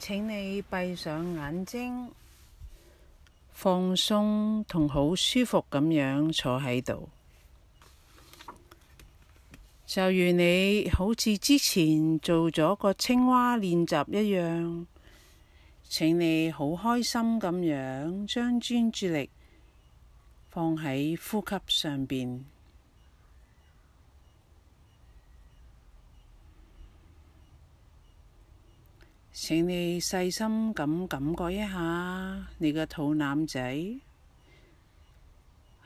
請你閉上眼睛，放鬆同好舒服咁樣坐喺度，就如你好似之前做咗個青蛙練習一樣。請你好開心咁樣將專注力放喺呼吸上邊。請你細心咁感覺一下你個肚腩仔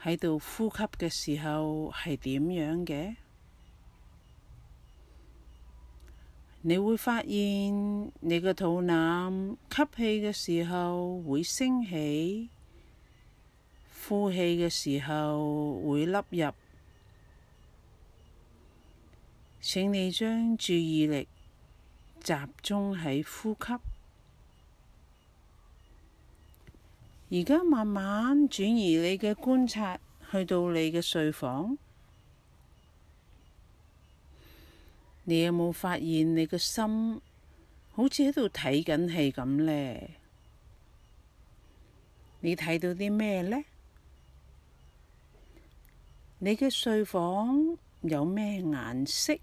喺度呼吸嘅時候係點樣嘅？你會發現你個肚腩吸氣嘅時候會升起，呼氣嘅時候會凹入。請你將注意力集中喺呼吸，而家慢慢轉移你嘅觀察去到你嘅睡房，你有冇發現你嘅心好似喺度睇緊戲咁呢？你睇到啲咩呢？你嘅睡房有咩顏色？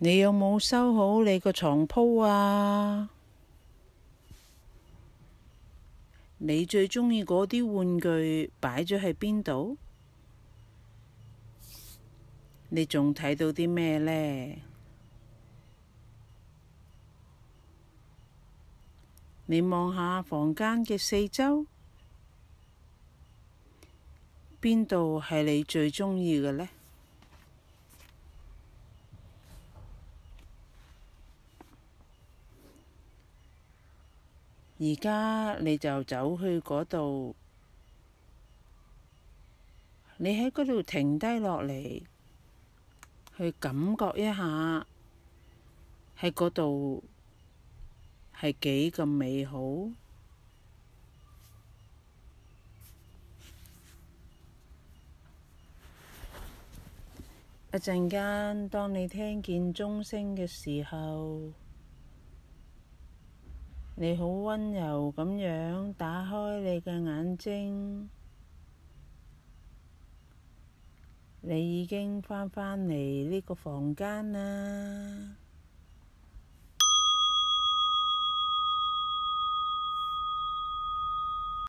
你有冇收好你個床鋪啊？你最鍾意嗰啲玩具擺咗喺邊度？你仲睇到啲咩呢？你望下房間嘅四周，邊度係你最鍾意嘅呢？而家你就走去嗰度，你喺嗰度停低落嚟，去感覺一下，喺嗰度係幾咁美好。一陣間，當你聽見鐘聲嘅時候。你好溫柔咁樣，打開你嘅眼睛，你已經翻返嚟呢個房間啦。